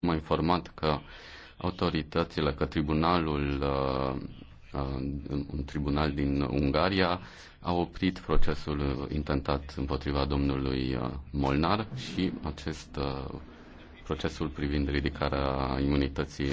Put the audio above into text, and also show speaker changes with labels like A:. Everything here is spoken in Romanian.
A: M-a informat că autoritățile, că tribunalul, uh, uh, un tribunal din Ungaria, a oprit procesul intentat împotriva domnului uh, Molnar și acest procesul privind
B: ridicarea imunității